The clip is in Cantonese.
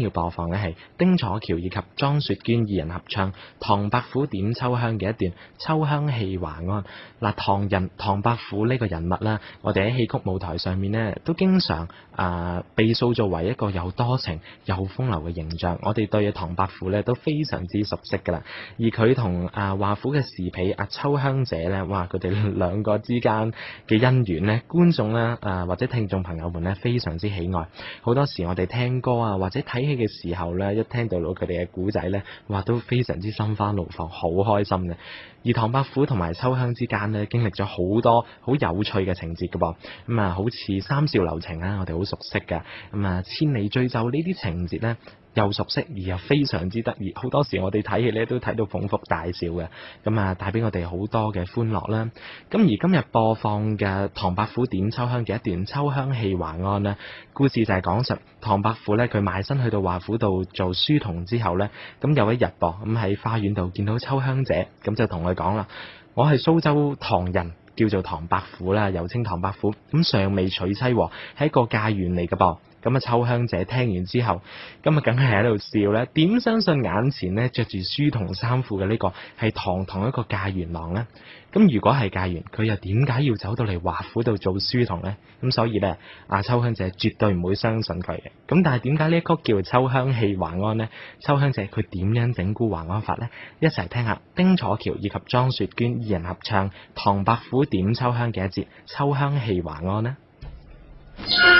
要播放嘅係丁楚喬以及莊雪娟二人合唱《唐伯虎點秋香》嘅一段《秋香戲華安》。嗱，唐人唐伯虎呢個人物啦，我哋喺戲曲舞台上面咧都經常啊、呃、被塑造為一個又多情又風流嘅形象。我哋對唐伯虎咧都非常之熟悉噶啦。而佢同啊華府嘅侍婢啊秋香姐咧，哇，佢哋兩個之間嘅姻緣咧，觀眾咧啊、呃、或者聽眾朋友們咧非常之喜愛。好多時我哋聽歌啊或者睇，嘅時候咧，一聽到到佢哋嘅古仔咧，哇都非常之心花怒放，好開心嘅。而唐伯虎同埋秋香之間咧，經歷咗好多好有趣嘅情節噶噃。咁、嗯、啊，好似三笑留情啦，我哋好熟悉噶，咁、嗯、啊千里追舟呢啲情節咧。又熟悉而又非常之得意，好多時我哋睇戲咧都睇到捧腹大笑嘅，咁啊帶俾我哋好多嘅歡樂啦。咁而今日播放嘅《唐伯虎點秋香》嘅一段《秋香戲華安》呢，故事就係講述唐伯虎咧，佢賣身去到華府度做書童之後呢，咁有一日噃，咁喺花園度見到秋香姐，咁就同佢講啦：我係蘇州唐人，叫做唐伯虎啦，又稱唐伯虎，咁尚未娶妻，係一個解元嚟嘅噃。咁啊，秋香姐聽完之後，咁啊，梗係喺度笑咧。點相信眼前呢着住書童衫褲嘅呢個係堂堂一個解元郎呢？咁如果係解元佢又點解要走到嚟華府度做書童呢？咁所以呢，阿秋香姐絕對唔會相信佢嘅。咁但係點解呢一曲叫《秋香戲華安》呢？秋香姐佢點樣整蠱華安法呢？一齊聽下丁楚喬以及莊雪娟二人合唱《唐伯虎點秋香》嘅一節《秋香戲華安》呢。啊